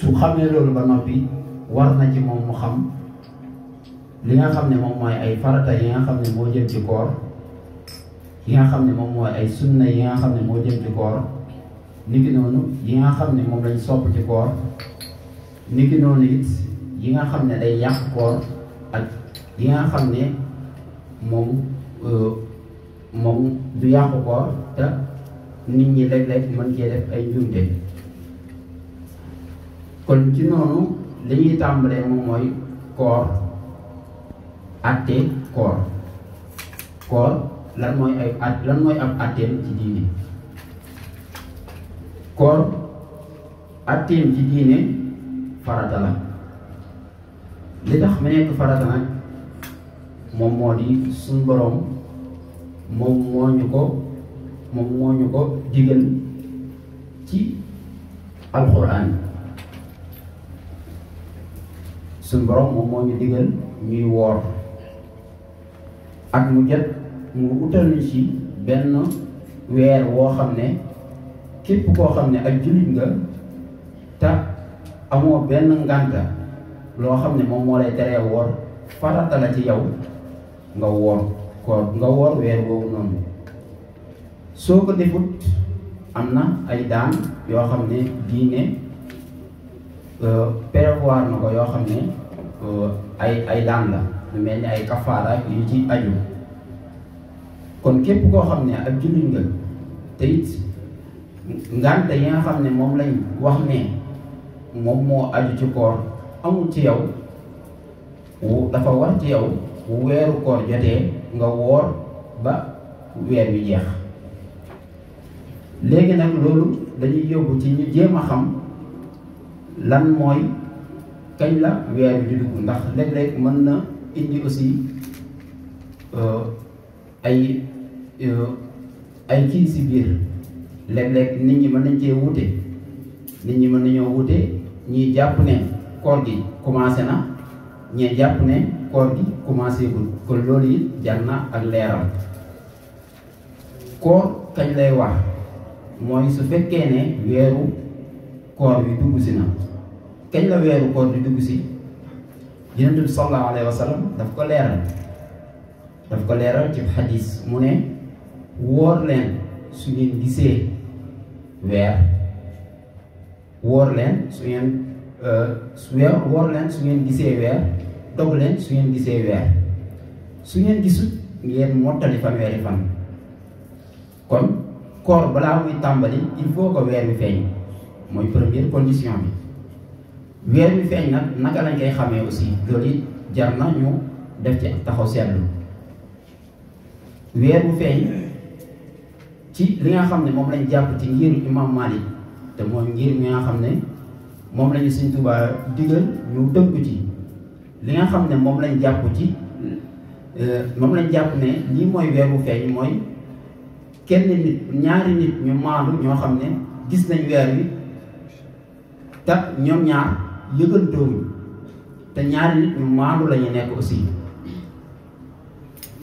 su xamee loolu ba noppi war na ci moom mu xam li nga xam ne moom mooy ay farata yi nga xam ne moo jëm ci koor yi nga xam ne moom mooy ay sunna yi nga xam ne moo jëm ci koor niki noonu yi nga xam ne moom lañ sopp ci koor niki noonu it yi nga xam ne day yàq koor ak yi nga xam ne moom euh, moom du yàq koor te nit ñi léeg-léeg mën cee def ay njuumte kon ci noonu li ñuy tàmbalee moom mooy koor atte koor koor lan mooy ay at lan mooy ab atteem ci diine koor atteem ci diine farata la li tax mu nekk farata nag moom moo di suñ boroom moom moo ñu ko moom moo ko digal ci alxuraan suñ borom moom moo ñu digal ñuy woor ak mu jot mu utal ñu ci benn weer woo xam ne képp koo xam ne ak jullit nga te amoo benn nganta lo xam ne mo moo lay teree woor farata la ci yow nga woor ko nga woor weer woowu noonu soo ko defut am na ay daan yo xam ne diine prévoir na ko yoo xam ne ko ay ay daan la lu mel ni ay kafaara ak yu ci aju kon képp koo xam ne ak jullit nga te it ngante yi nga xam ne moom lañ wax ne moom moo aju ci koor amul ci yow wu dafa war ci yow wu weeru koor jotee nga woor ba weer wi jeex léegi nag loolu dañuy yóbbu ci ñu jéem a xam lan mooy kañ la weer bi di dugg ndax léeg-léeg mën na indi aussi euh, ay euh, ay kii si biir léeg-léeg nit ñi mën nañ cee wuute nit ñi mën nañoo wuute ñii jàpp ne koor gi commencé na ñee jàpp ne koor gi commencé gul kon loolu it jar na ak leeram koor kañ lay wax mooy su fekkee ne weeru koor bi dugg si na kañ la weeru koor di dugg si yonent bi sallallahu alayhi wa daf ko leeral daf ko leeral ci xadis mu ne wóor leen su ngeen gisee weer wóor leen su ngeen euh, su gisee weer dog leen su ngeen gisee weer su ngeen gisut ngeen mottali fan weeri fan kon koor balaa muy tàmbali il faut que weer bi feeñ mooy première condition bi weer wi feeñ nag naka lañ koy xamee aussi loolu it jar na ñu def ci taxaw seetlu weer wu feeñ ci li nga xam ne moom lañ jàpp ci ngir imam Malik te moom ngir mi nga xam ne moom lañu Sëñ Tuubaa digal ñu dëgg ci li nga xam ne moom lañ jàpp ci euh, moom lañ jàpp ne lii mooy weer wu feeñ mooy kenn nit ñaari nit ñu maandu ñoo xam ne gis nañ weer wi te ñoom ñaar yëgantooñu te ñaari nit ñu maandu la nekk aussi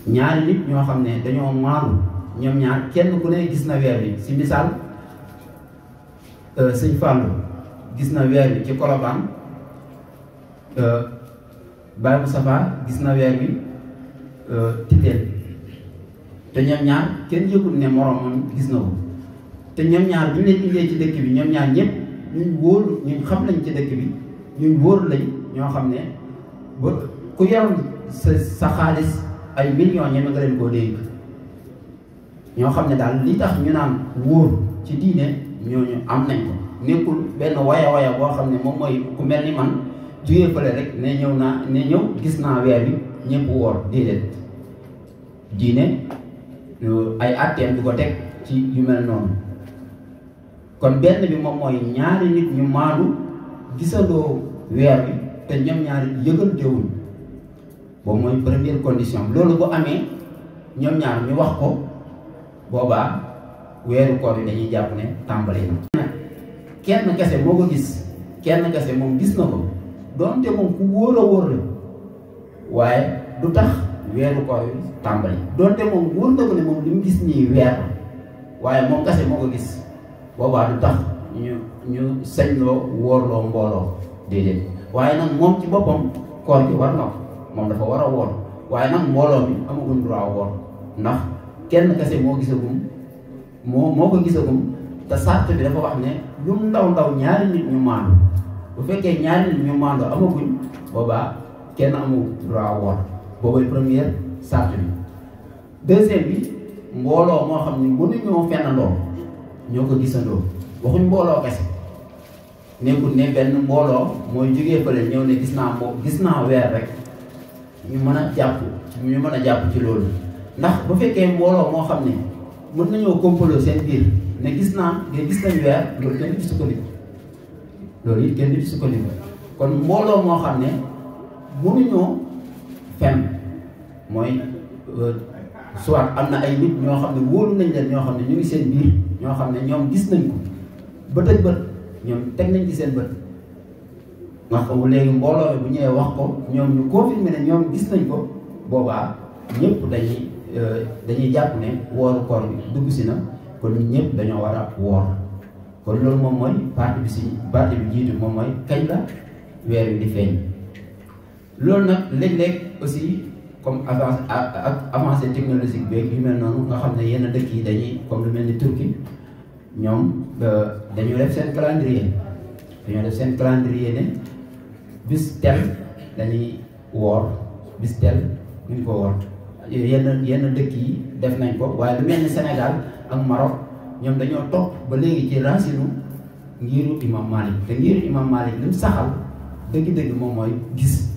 ñaari nit ñoo xam ne dañoo maandu ñoom ñaar kenn ku ne gis na weer bi ci misaal euh, sëñ Fallou gis na weer bi ci Colobane euh, Baye Moustapha gis na weer bi euh, Titel te ñoom ñaar kenn yëgul ne moroomam gis na ko te ñoom ñaar bu ñu leen indee ci dëkk bi ñoom ñaar ñëpp ñu wóolu ñu xam lañ ci dëkk bi ñuy wóor lañ ñoo xam ne ba ku yaroon sa xaalis ay millions ñeme nga leen koo dénk ñoo xam ne daal li tax ñu naan wóor ci diine ñooñu am nañ ko nekkul benn waya waya boo xam ne moom mooy ku mel ni man jugee fële rek ne ñëw naa ne ñëw gis naa weer bi ñëpp woor déedéet diine ay atteem du ko teg ci yu mel noonu kon benn bi moom mooy ñaari nit ñu maandu gisaloo weer bi te ñoom ñaar yëgantewuñ boobu mooy première condition loolu bu amee ñoom ñaar ñu wax ko boobaa weeru koor yi dañuy jàpp ne tàmbali na kenn kese moo ko gis kenn kese moom gis na ko doonte moom ku wóor a wóor la waaye du tax weeru koor yi tàmbali doonte moom wóor na ko ne moom li mu gis nii weer waaye moom kese moo ko gis boobaa du tax ñu ñu sañloo wóorloo mbooloo déedéet waaye nag moom ci boppam koor gi war na ko moom dafa war a woor waaye nag mbooloo mi amaguñ droit woor ndax kenn kese moo gisagum moo moo ko gisagum te sart bi dafa wax ne lum ndaw ndaw ñaari nit ñu maandu bu fekkee ñaari nit ñu maandu amaguñ boobaa kenn amul droit woor boobay première sart bi deuxième bi mbooloo moo xam ne mënuñoo fennandoo ñoo ko gisandoo waxuñ mbooloo kese nekkul ne benn mbooloo mooy jógee fële ñëw ne gis naa moo gis naa weer rek ñu mën a jàpp ñu mën a jàpp ci loolu ndax bu fekkee mbooloo moo xam ne mën nañoo complot seen biir ne gis naa nga gis nañ weer loolu kenn du ci sukkandiku loolu kon mbooloo moo xam ne mënuñoo fenn mooy euh, soit am na ay nit ñoo xam ne wóolu nañ leen ñoo xam ne ñu ngi seen ñoo xam ne ñoom gis nañ ko ba tëj bët ñoom teg nañ ci seen bët nga xam léegi mbooloo mi bu ñëwee wax ko ñoom ñu confirmé ne ñoom gis nañ ko boobaa ñëpp dañuy euh, dañuy jàpp ne wooru koor bi dugg si na kon ñëpp dañoo war a woor kon loolu moom mooy parti bi si parti bi jiitu moom mooy kañ la weer wi di feeñ loolu nag léeg-léeg aussi comme avance ak avancée technologique beeg yu mel noonu nga xam ne yenn dëkk yi dañuy comme lu mel ni Turquie ñoom dañoo def seen calendrier dañoo def seen calendrier ne bis tel dañuy woor bis tel duñ ko woor yenn yenn dëkk yi def nañ ko waaye lu mel ni Sénégal ak Maroc ñoom dañoo topp ba léegi ci racinu ngiru imam Malik te ngiru imam Malik li saxal dëgg-dëgg moom mooy gis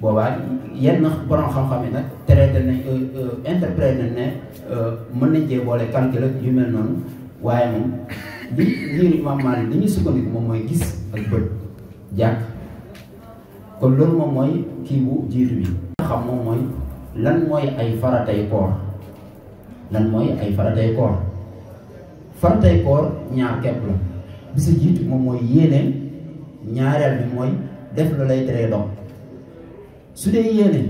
boobaa yenn borom xam-xam yi nag tere nañ euh, euh, interprété ne euh, mën nañ cee boole calcul ak yu mel noonu waaye moom li liiru Imaam Maalik li ñuy sukkandiku moom mooy gis ak bët kon loolu moom mooy kii bu jiitu bi xam moom mooy lan mooy ay faratay mooy ay faratay koor faratay koor mooy yéene ñaareel bi mooy def la lay teree dox su dee yéene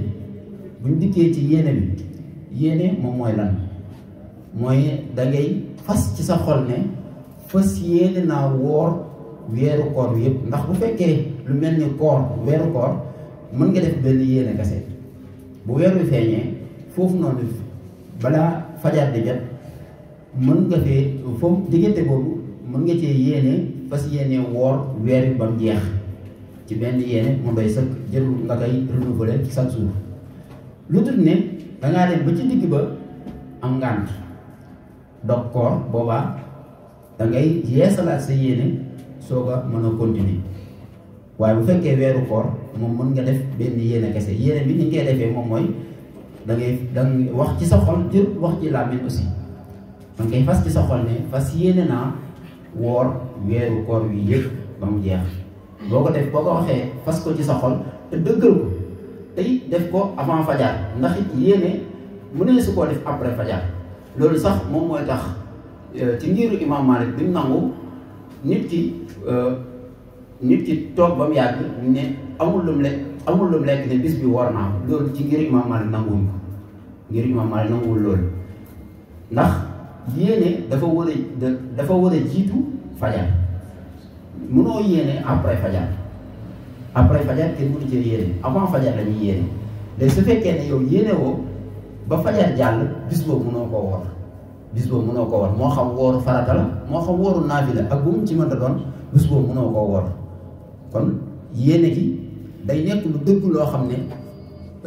buñ dikkee ci yéene bi yéene moom mooy lan mooy dangay fas ci sa xol ne fas yéene naa woor weeru koor bi yëpp ndax bu fekkee lu mel ni koor weeru koor mën nga def benn yéene kese bu weer wi feeñee foofu noonu balaa fajar di jot mën nga fee foofu diggante boobu mën nga cee yéene fas yéene woor weer wi ba mu jeex ci benn yéene mu doy sëkk jëlul nga koy renouveler ci chaque jour lu dul ne dangaa dem ba ci digg ba am ngànt dog koor boobaa da ngay yeesalaat sa yéene soog a mën a continuer waaye bu fekkee weeru koor moom mën nga def benn yéene kese yéene bi ni ñu defee moom mooy da ngay da ngay wax ci sa xol jël wax ci làmmiñ aussi da ngay fas ci sa xol ne fas yéene naa woor weeru koor wi yëpp ba mu jeex boo ko def boo ko waxee fas ko ci sa xol te dëggal ko tey def ko avant fajar ndax it yéene mu ne su koo def après fajar loolu sax moom mooy tax euh, ci ngiru imam Malik bi mu nangu nit ki euh, nit ki toog ba mu yàgg ne amul lu mu lekk amul lu mu lekk ne bis bi war naa loolu ci ngir imam Malik nanguwuñ ko ngir imam Malik nanguwul loolu ndax yéene dafa war a dafa war a jiitu fajar mënoo yéene après fajar après fajar kenn mënu ci yéene avant fajar la ñuy yéene léegi su fekkee ne yow yéene woo ba fajar jàll bis boobu mënoo koo woor bis mënoo koo woor moo xam wooru farata la moo xam wooru naafila ak bu mu ci mënta doon bis boobu mënoo koo woor kon yéene gi day nekk lu dëgg loo xam ne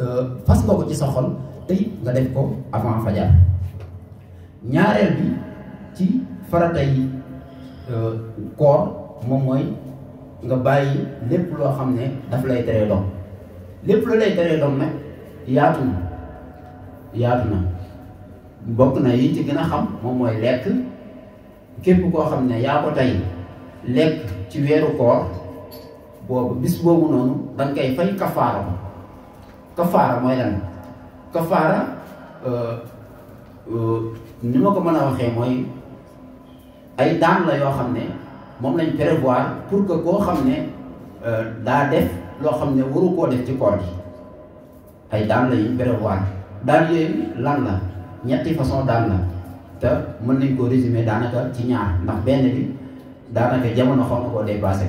euh, fas nga ko ci sa xol te nga def ko avant fajar ñaareel bi ci farata yi euh, koor moom mooy nga bàyyi lépp loo xam ne daf lay teree doom lépp lu lay teree doom nag yaatu yaatu na bokk na yi ci gën a xam moom mooy lekk képp koo xam ne yaa ko tey lekk ci weeru koor boobu bis boobu noonu da nga koy fay kafaara ko kafaara mooy lan kafaara euh, euh, ni ma ko mën a waxee mooy ay daan la yoo xam ne moom lañ prévoir pour que koo xam ne euh, daa def loo xam ne waru koo def ci koor gi ay daan la yuñ prévoir daan yooyu lan la ñetti façon daan la te mën nañ koo résumer daanaka ci ñaar ndax benn bi daanaka jamono xaw na koo dépassé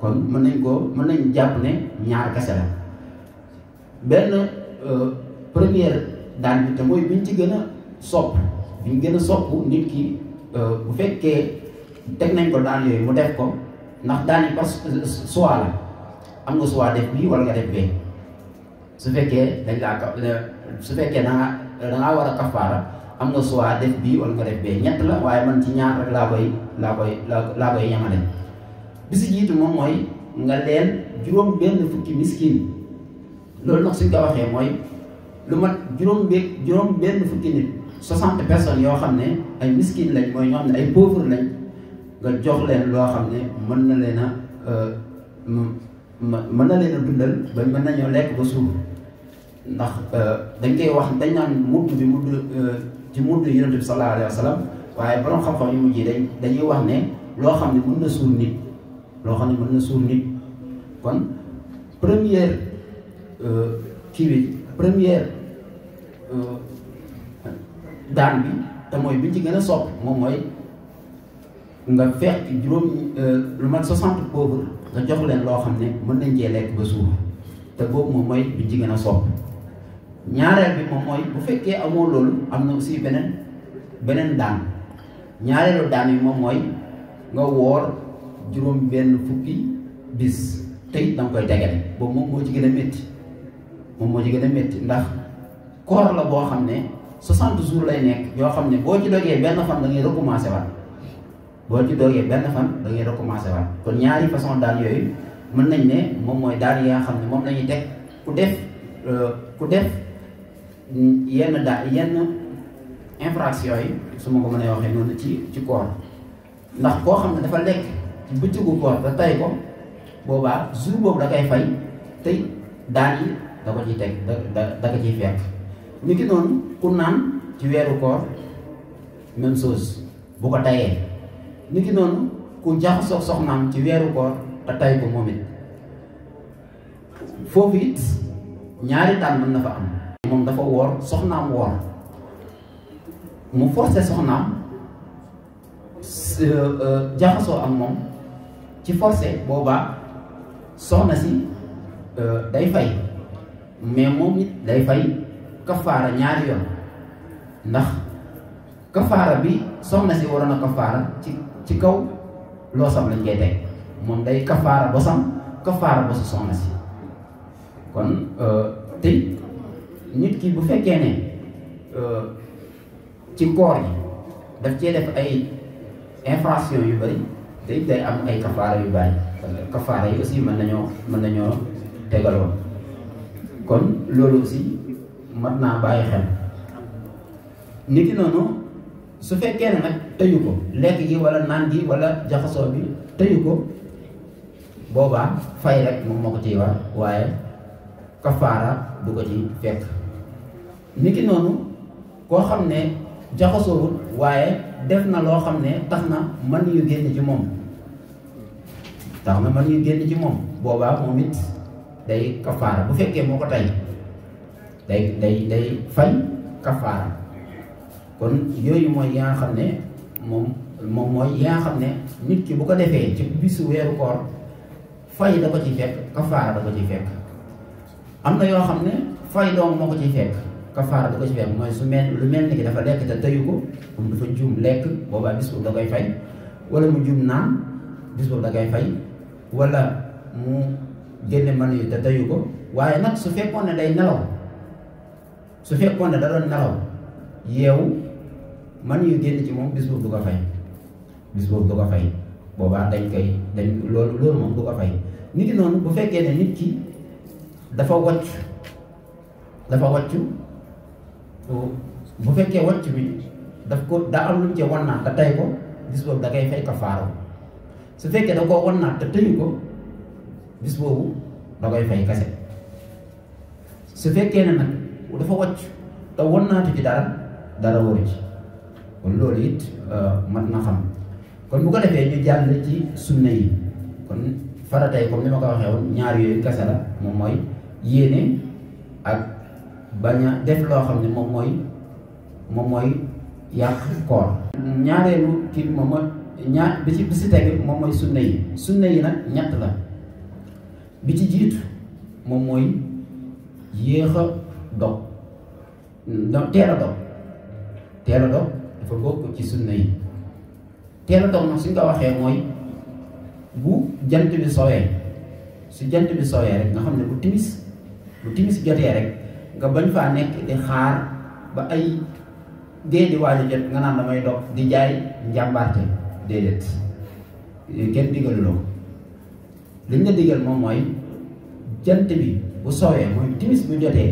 kon mën nañ koo mën nañ jàpp ne ñaar kese la benn euh, première daan bi te mooy biñ ci gën a sopp ñu gën a sopp nit ki euh, bu fekkee teg nañ ko daan yooyu mu def ko ndax daan yi parce que euh, soit la am nga soit def bii wala nga def bee su fekkee dañ su fekkee da nga da ngaa war a kafaara am nga soit def bii wala nga def bee ñett la waaye man ci ñaar rek laa koy laa koy laa koy yemale bi si moom mooy nga leen juróom benn fukki miskin loolu nag si ko waxee mooy lu mat juróom be juróom benn fukki nit soixante personnes yoo xam ne ay miskin lañ mooy ñoo xam ne ay pauvre lañ nga jox leen loo xam ne mën na leen a euh, mën na leen a dundal ba mën nañoo lekk ba suuf ndax euh, dañ koy wax dañ naan mudd bi mudd euh, ci mudd yonent bi sallallahu alayhi wa sallam waaye borom xam-xam yu mujj dañ dañuy wax ne loo xam ne mën na suur nit loo xam ne mën na suur kon première euh, kii bi première daan bi te mooy bi ci gën a sopp moom mooy nga fekk juróom lu mat soixante pauvres nga jox leen loo xam ne mën nañ cee lekk ba suur te boobu moom mooy bi ci gën a sopp ñaareel bi moom mooy bu fekkee amoo loolu am na aussi beneen beneen daan ñaareelu daan yi moom mooy nga woor juróom benn fukki bis tey danga koy tegale boobu moom moo ci gën a métti moom moo ci gën a métti ndax koor la boo xam ne soixante jours lay nekk yoo xam ne boo ci dogee benn fan da ngay recommencé waat boo ci dogee benn fan da ngay recommencé waat kon ñaari façon daan yooyu mën nañ ne moom mooy daan yi nga xam ne moom la deg ku def euh, ku def yenn daa yenn infraction yi su ma ko mënee waxee noonu ci ci koor ndax koo xam ne dafa lekk ci bëccëgu koor te tay ko boobaa jour boobu da koy fay tey daan yi da ko ciy teg da da da ko ciy fekk. ni ki noonu ku naan ci weeru koor même chose bu ko tayee ni ki noonu ku sox soxnaam ci weeru koor te tay ko moom it foofu it ñaari tànn mën na fa am. moom dafa woor soxnaam woor mu forcé soxnaam euh, euh, jaxasoo ak moom ci forcé boobaa soxna si euh, day fay mais moom it day fay kafaara ñaari yoon ndax kafaara bi soxna si waroon a kafaara ci ci kaw loosam lañ kay teg moom day kafaara bosam kafaara bosu soxna si kon tey nit ki bu fekkee ne euh, ci koor yi daf cee def ay infraction yu bari day day am ay kafaara yu bàyyi kafaara yi aussi mën nañoo mën nañoo tegaloo kon loolu aussi mat naa bàyyi xel nit ki noonu su fekkee ne nag tëyu ko lekk gi wala naan gi walla jaxasoo bi tëyu ko boobaa fay rek moom moo ko ciy war waaye kafaara du ko ci fekk niki noonu koo xam ne jaxasoowul waaye def na loo xam ne tax na mën yu génn ci moom tax man mën yu génn ci moom boobaa momit it day kafaara bu fekkee moo ko tay day day day fay kafaara kon yooyu mooy yaa xam mom mom moom mooy yaa xam ne nit ki bu ko defee ci bisu weeru koor fay da ko ci fekk kafaara da ko ci fekk am na yoo xam ne fay doom moo ko ciy fekk kafaara da ko ci fay mooy su mel lu mel ni ki dafa lekk te tëyu ko moom dafa juum lekk boobaa bis boobu da koy fay wala mu juum naan bis boobu da koy fay wala mu génne mën yu te tëyu ko waaye nag su fekkoon ne day nelaw su fekkoon ne da doon nelaw yeewu mën yu génn ci moom bis boobu du ko fay bis du ko fay boobaa dañ koy dañ loolu loolu moom du ko fay nit ki noonu bu fekkee ne nit ki dafa wàcc dafa wàcc bu fekkee wàcc bi daf ko da am lu mu ci wan naat te ko bis boobu da ngay fay kafaara su fekkee da koo wan naat te tëyu ko bis boobu da koy fay kase su fekkee ne nag dafa wàcc te wan naatu ci dara dara waru ci kon loolu it euh, mat na xam kon bu ko defee ñu jàll ci sunna yi kon faratay comme ni ma ko waxee woon ñaar yooyu kase la moom mooy yéene ak bañ a def loo xam ne moom mooy moom mooy yàq koor ñaareelu kii bi moom mooy ñaar bi ci bi si teg moom mooy sunna yi sunna yi nag ñett la bi ci jiitu moom mooy yéexa a dog do teel a dog teel dog dafa bokk ci sunna yi teel dog nag suñ ko waxee mooy bu jant bi sowee su jant bi sowee rek nga xam ne bu timis bu timis jotee rek nga bañ faa nekk di xaar ba ay dee di waaj a jot nga naan damay dox di jaay njàmbaarte déedéet kenn digaluloo liñ la digal moom mooy jant bi bu soowee mooy timis bu jotee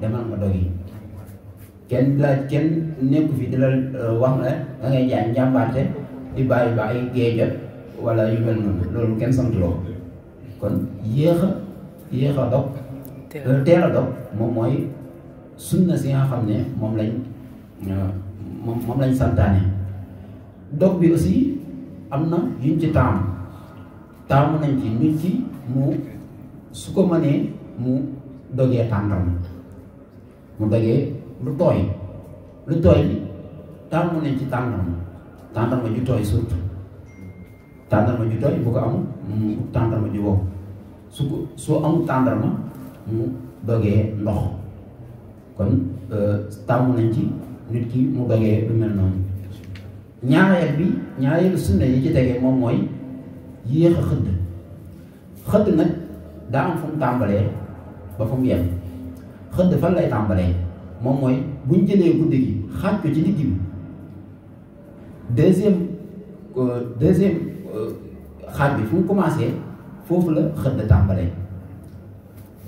demal nga dog yi kenn la kenn nekku fi di la wax na da ngay jaay njàmbaarte di bàyyi ba ay gee jot wala yu mel noonu loolu kenn sant loo kon yéex a yéex a dog loolu dog moom mooy na si nga xam ne moom lañ moom moom lañ santaane dog bi aussi am na yuñ ci taamu taamu nañ ci nit ci mu su ko mënee mu dogee tàndarma mu dogee lu tooy lu tooy taamu nañ ci tàndarma tàndarma ju tooy surtout tàndarma ju tooy bu ko amul mu tàndarma ju wow su ko soo amul tàndarma mu dogee ndox kon euh, tàmm nañ ci nit ki mu dogee lu mel noonu ñaareel bi ñaareelu sunna yi ci tegee moom mooy yéex a xëdd xëdd nag daa am fu tàmbalee ba fu yem xëdd fan lay tàmbalee moom mooy buñ jëlee guddi gi xaaj ko ci digg bi deuxième euh, deuxième euh, xaaj bi fu mu commencé foofu la xëdd tàmbalee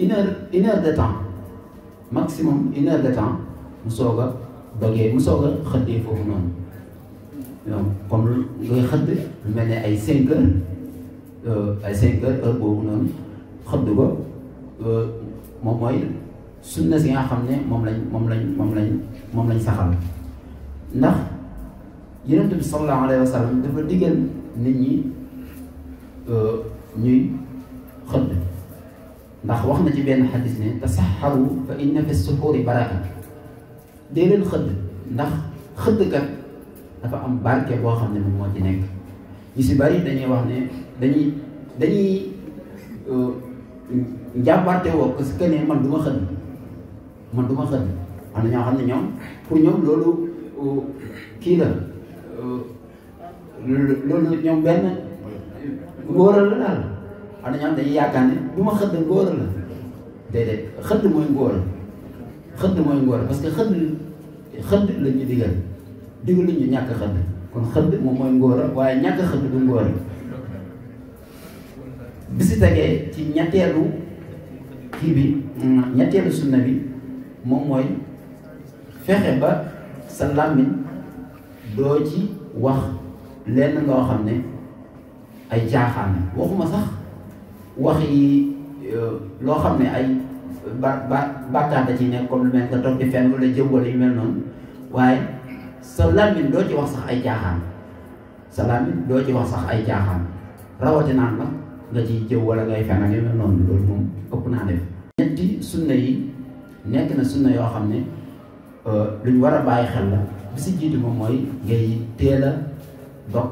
une heure une temps maximum une heure temps mu soog a dogee mu soog a xëddee foofu noonu donc looy xëdd lu mel ne ay cinq heures euh, ay cinq heures heure boobu noonu xëdd ko euh, moom mooy sunna si nga xam ne moom lañ moom lañ moom moom lañ saxal ndax yonent bi sallallahu alayhi wa sallam dafa diggal nit ñi euh, ñuy xëdd ndax wax na ci benn xadis ne tasaxaru fa inna fi suxuuri baraka dee xëdd ndax xëddkat dafa am barke boo xam ne moom moo ci nekk ñu si bari dañuy wax ne dañuy dañuy euh, njàmbarte woo parce que ne man du ma xëdd man du ma xëdd am na ñoo xam ne ñoom pour ñoom loolu euh, kii la euh, benn wóoral la daal am na ñoo xam dañuy yaakaar ne bu ma xëdd ngóor la déedéet xëdd mooy ngóor xëdd mooy ngóor parce que xëdd xëdd la ñu digal digal la ñàkk xëdd kon xëdd moom mooy ngóor waaye ñàkk xëdd du ngóor bi si ci ñetteelu kii bi ñetteelu sunna bi moom mooy fexe ba sa làmmiñ doo ci wax lenn loo xam ne ay jaaxaan waxuma sax wax yi euh, loo xam ne ay ba ba bàkkaar da ci nekk comme lu mel nga toog di fenn wala jëw wala yu mel noonu waaye sa làmmiñ doo ci wax sax ay caaxaan sa làmmiñ doo ci wax sax ay caaxaan rawatinaan la nga ciy jëw wala ngay fenn ak yu mel noonu loolu moom ëpp naa def. ñetti sunna yi nekk na sunna yoo xam ne euh, lu ñu war a bàyyi xel la bi si jiitu moom mooy ngay teel a dog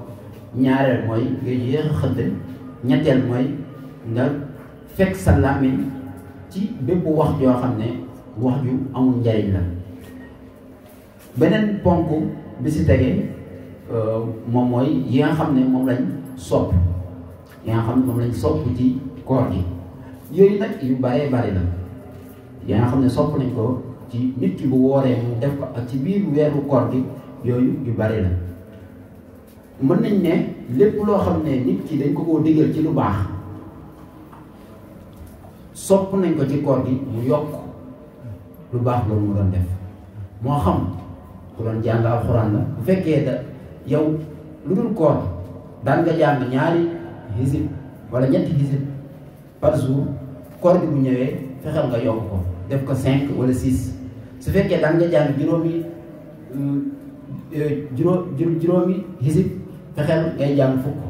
ñaareel mooy ngay yéex a xëdd ñetteel mooy. nga fekk sa làmmiñ ci bépp wax yoo xam ne wax ju amul njariñ la beneen ponk bi si tegee euh, moom mooy yi xam ne moom lañ sopp yi nga xam ne moom lañ sopp ci koor gi yooyu nag yu bëree bari la yaa nga xam ne sopp nañ ko ci nit ki bu wooree mu def ko ak ci biir weeru koor yooyu yu bari la mën nañ ne lépp loo xam ne nit ki dañ ko koo digal ci lu baax sopp nañ ko ci koor gi mu yokk lu baax loolu mu doon def moo xam ku doon jàng la bu fekkee da yow lu dul koor daan nga jàng ñaari hisib wala ñetti hisib par jour gi bu ñëwee fexeel nga yokk ko def ko cinq wala six su fekkee daan nga jàng juróomi euh, euh, juróo juróomi hisib fexeel ngay jàng fukk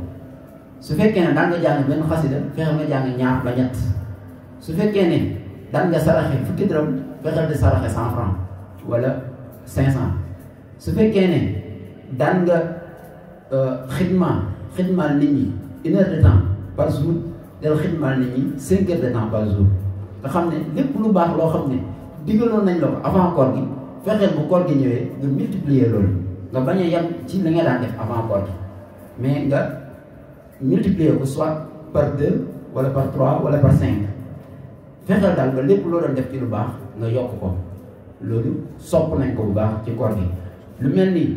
su fekkee ne daan nga jàng benn xasida fexeel nga jàng ñaar ba ñett su fekkee ne daan nga saraxe fukki dërëm fexeel di saraxe cent franc wala cinq cent su fekkee ne daan nga euh, xidma xidmaal nit ñi une heure de temps par jour del xidmaal nit ñi cinq de temps par jour nga xam ne lépp lu baax loo xam ne digaloon nañ la ko avant koor gi fexeel bu koor gi ñëwee nga multiplier loolu nga bañ a ci li nga daan def avant koor gi mais nga multiplier ko soit par deux wala par trois wala par cinq fexeel daal ba lépp loo def ci lu baax nga yokk ko loolu sopp nañ ko bu baax ci koor gi lu mel ni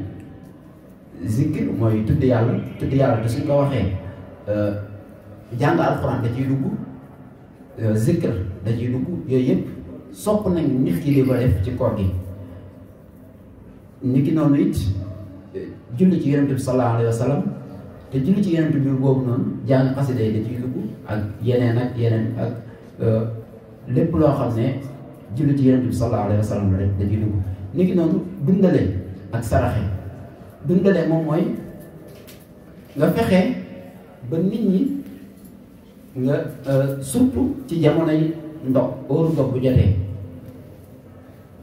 zikir mooy tudd yàlla tudd yàlla te suñ ko waxee euh, jàng alxuraan da ciy dugg euh, zikir da ciy dugg yooyu yëpp sopp nañ nit ki di ko def ci koor gi nit ki noonu it euh, julli ci yonent bi sallallahu alayhi wa sallam te julli ci yonent bi boobu noonu jàng xasida yi da ciy dugg ak yeneen ak yeneen ak lépp loo xam ne julli ci yonent bi sallallahu alayhi wa sallam rek da ciy dugg ni ki noonu dundale ak saraxe dundale moom mooy nga fexe ba nit ñi nga euh, surtout ci jamonoy ndox óoru ndox bu jotee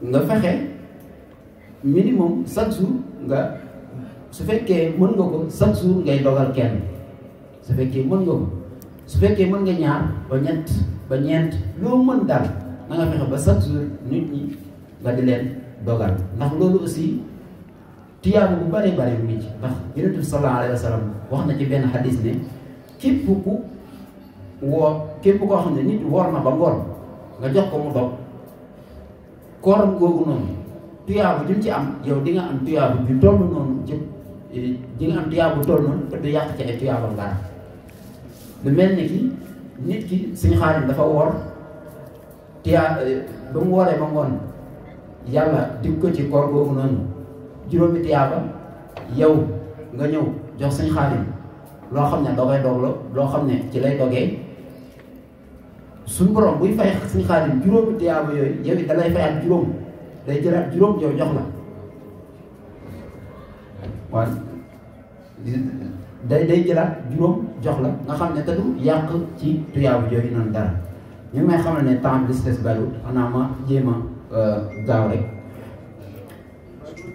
nga fexe minimum chaque jour nga su fekkee mën nga ko chaque jour ngay dogal kenn su fekkee mën nga ko su fekkee mën nga ñaar ba ñett ba ñeent loo mën dal na nga fexe ba chaque jour nit ñi nga di leen dogal ndax loolu aussi tiyaabu bu bare bare mu ngi ci ndax yonent bi sallallahu alayhi wa sallam wax na ci benn xadis ne képp ku woo képp koo xam ne nit woor na ba ngoon nga jox ko mu dog kooram googu noonu tuyaabu jum ci am yow di nga am tuyaabu ju toll noonu ci di nga am tuyaabu toll noonu te du yàq ci ay tuyaabam dara lu mel ni ki nit ki suñu xaalis dafa woor tiyaa euh, ba mu wooree ba ngoon yàlla dig ko ci koor googu noonu juróomi tiyaaba yow nga ñëw jox suñu xaalis loo xam ne dogay dog la loo xam ne ci lay dogee suñ borom buy fay suñu xaalis juróomi tiyaaba yooyu yow it da fayaat juróom day jëlaat juróom yow jox la day day jëlaat juróom jox la nga xam ne te du yàq ci tuyaabu jooju noonu dara ñu may xamal ne temps bi des bariwut xanaa ma jéem a euh, gaaw rek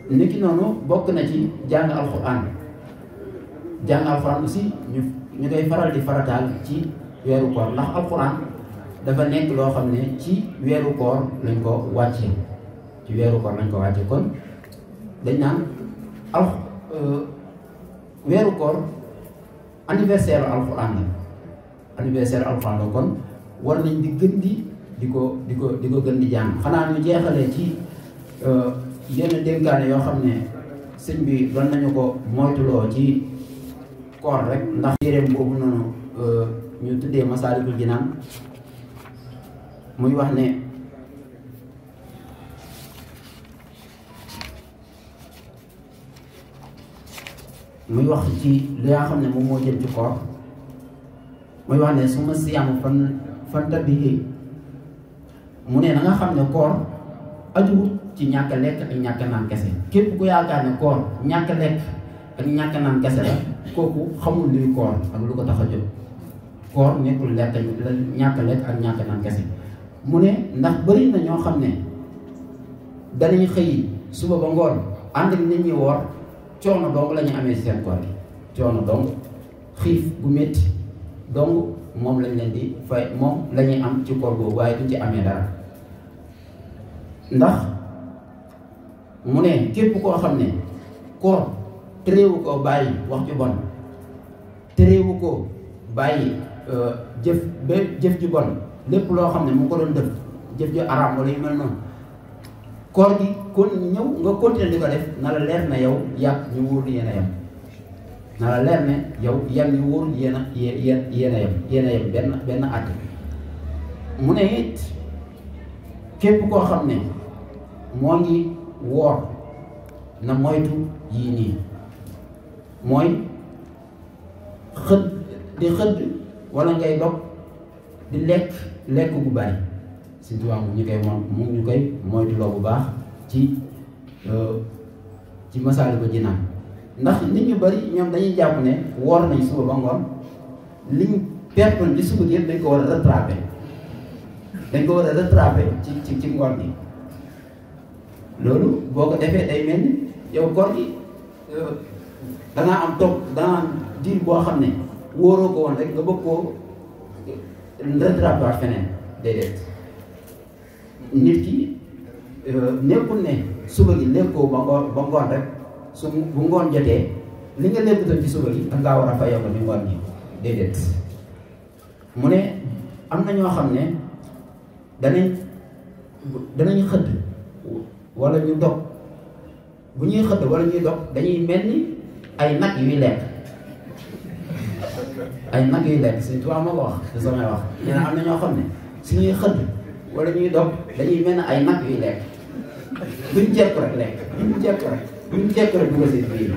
niki noonu bokk na ci jàng alxuraan jàng alxuraan aussi ñu ñu koy faral di farataal ci weeru koor ndax alxuraan dafa nekk loo xam ne ci weeru koor lañ ko wàccee ci weeru koor lañ ko wàccee kon dañ naan al euh, weeru koor anniversaire alxuraan la anniversaire alxuraan kon war nañ di gën di di ko di ko di ko gën di jàng xanaa ñu jeexale ci euh, yenn dénkaane yoo xam ne sëñ bi doon nañu ko moytuloo ci koor rek ndax yéreem boobu noonu euh, ñu tuddee Masaalikul Jinaan muy wax ne muy wax ci li nga xam ne moom moo jëm ci koor muy wax ne su ma siyaamu fan fan tabihi mu ne na nga xam ne koor aju ci ñàkk lekk ak ñàkk naan kese képp ku yaakaar ne koor ñàkk lekk ak ñàkk naan kese kooku xamul luy koor ak lu ko tax a jóg koor nekkul lekk ñàkk lekk ak ñàkk naan kese mu ne ndax bëri na ñoo xam ne danañ xëy suba ba ngoon ant ak nit ñi woor coono dong lañu amee seen koor gi coono dong xiif bu metti dong moom lañ leen di fay moom la am ci koor googu waaye du ci amee dara ndax mu ne képp koo xam ne koor terewu ko bàyyi wax ju bon terewu ko bàyyi euh, jëf ba jëf ju bon lépp loo xam ne mu ko doon def jëf ju araam wala yu mel noonu koor gi kon ñëw nga continuer di ko def na la leer na yow yàq ñu wóor yéen a na la leer ne yow yàq ñu wóor yéen a yéen yéen a yem benn benn àtt mu ne it képp koo xam ne moo ngi woor na moytu yii nii mooy xëdd di xëdd wala ngay dog di lekk lekk gu bari surtout am ñu koy moom ñu koy moytuloo bu baax ci euh, ci masaali ko jinaan ndax nit ñu bari ñoom dañuy jàpp ne woor nañ suba ba ngoon liñ pertoon ci suba yëpp dañ ko war a rattrapé dañ ko war a rattrapé ci ci ci ngoon gi loolu boo ko defee day mel ni yow ko gi euh, am toog dangaa am diir boo xam ne wóoroo ko woon rek nga bëgg koo euh, rattrapé feneen déedéet nit ki euh, nekkul ne suba gi lekkoo ba ngoon ba ngoon rek su bu ngoon jotee li nga lekkutoon ci suba gi da a fayoo ko ci ngoon mu ne am na ñoo xam ne danañ danañ xëdd wala ñu dog bu ñuy xëdd wala ñuy dog dañuy mel ni ay nag yuy lekk ay nag yuy lekk suñu tubaab moo ko wax du samay wax nee na am na ñoo xam ne suñuy xëdd wala ñuy dox dañuy mel ne ay nag yuy lekk duñ jekk rek lekk duñ jekk rek duñ jekk rek dugal seen biir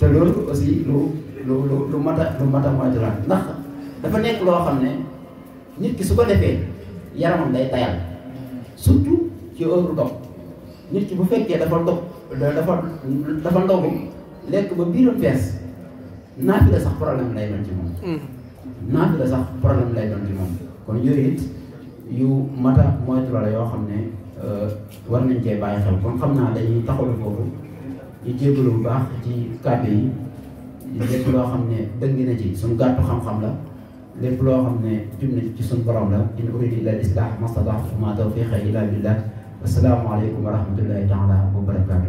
te loolu aussi lu lu lu lu mat a lu mat a moytu la ndax dafa nekk loo xam ne nit ki su ko defee yaramam day tayal surtout ci heure dox nit ki bu fekkee dafa dox dafa dafa ndogu lekk ba biiram fees naafi la sax problème lay doon ci moom naafi la sax problème lay doon ci moom kon yooyu it yu mat a moytu la yoo xam ne euh, war nañ cee bàyyi xel kon xam naa dañuy taxawu foofu ñu jégalu baax ci kàddu yi lépp loo xam ne dëng na ci suñu gàttu xam-xam la lépp loo xam ne jub na ci suñ borom la in uridu illa al-islah ma stata'tu wa ma tawfiqi illa billah assalaamu aleykum wa rahmatullahi taala wa barakaatu